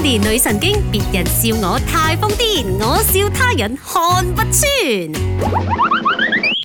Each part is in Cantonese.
年女神經，別人笑我太瘋癲，我笑他人看不穿。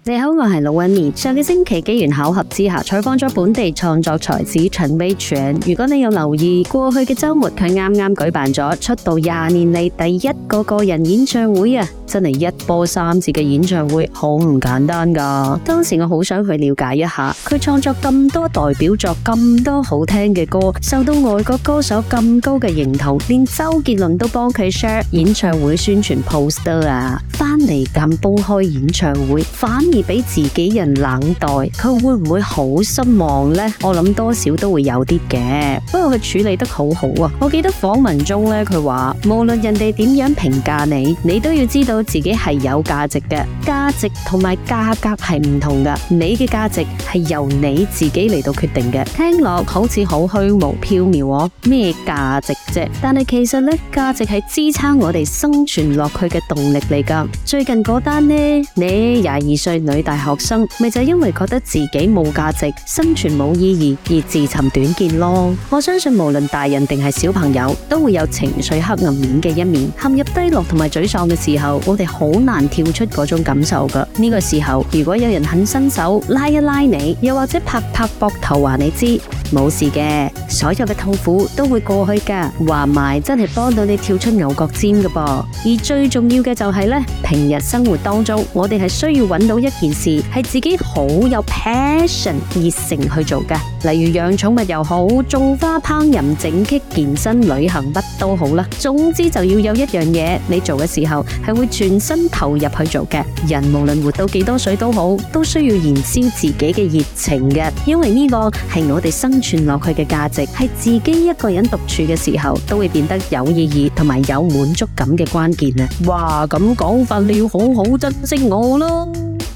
你好，我係龍紋敏。上個星期機緣巧合之下採訪咗本地創作才子陳威全。如果你有留意過去嘅周末，佢啱啱舉辦咗出道廿年嚟第一個個人演唱會啊！真係一波三折嘅演唱會好唔簡單噶。當時我好想去了解一下，佢創作咁多代表作，咁多好聽嘅歌，受到外國歌手咁高嘅認同，連周杰倫都幫佢 share 演唱會宣傳 poster 啊！翻嚟咁公開演唱會，反。而俾自己人冷待，佢會唔會好失望呢？我諗多少都會有啲嘅，不過佢處理得好好啊！我記得訪問中咧，佢話無論人哋點樣評價你，你都要知道自己係有價值嘅。價值同埋價格係唔同噶，你嘅價值係由你自己嚟,到決定嘅。聽落好似好虛無縹緲哦，咩價值啫？但係其實咧，價值係支撐我哋生存落去嘅動力嚟噶。最近嗰單咧，你廿二歲。女大學生咪就係、是、因為覺得自己冇價值、生存冇意義而自尋短見咯。我相信無論大人定係小朋友，都會有情緒黑暗面嘅一面。陷入低落同埋沮喪嘅時候，我哋好難跳出嗰種感受噶。呢、這個時候，如果有人肯伸手拉一拉你，又或者拍拍膊頭話你知。冇事嘅，所有嘅痛苦都會過去噶，話埋真係幫到你跳出牛角尖噶噃。而最重要嘅就係、是、呢，平日生活當中，我哋係需要揾到一件事，係自己好有 passion 熱誠去做噶。例如養寵物又好，種花、烹飪、整劇、健身、旅行乜都好啦。總之就要有一樣嘢，你做嘅時候係會全身投入去做嘅。人無論活到幾多歲都好，都需要燃燒自己嘅熱情嘅，因為呢個係我哋生存落去嘅價值，係自己一個人獨處嘅時候都會變得有意義同埋有，有滿足感嘅關鍵啊！哇，咁講法你要好好珍惜我咯。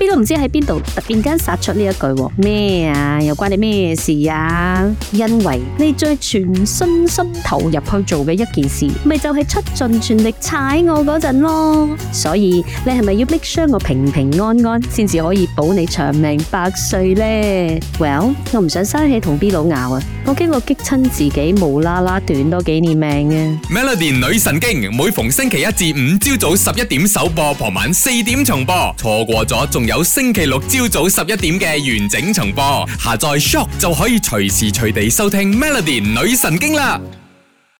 都唔知喺邊度，突然間殺出呢一句，咩啊？又關你咩事啊？因為你最全身心投入去做嘅一件事，咪就係出盡全力踩我嗰陣咯。所以你係咪要逼傷我平平安安，先至可以保你長命百歲呢？Well，我唔想生氣同 B 佬拗啊！我驚我激親自己，無啦啦短多幾年命啊！Melody 女神經每逢星期一至五朝早十一點首播，傍晚四點重播，錯過咗仲有有星期六朝早十一點嘅完整重播，下載 Shock 就可以隨時隨地收聽 Melody 女神經啦。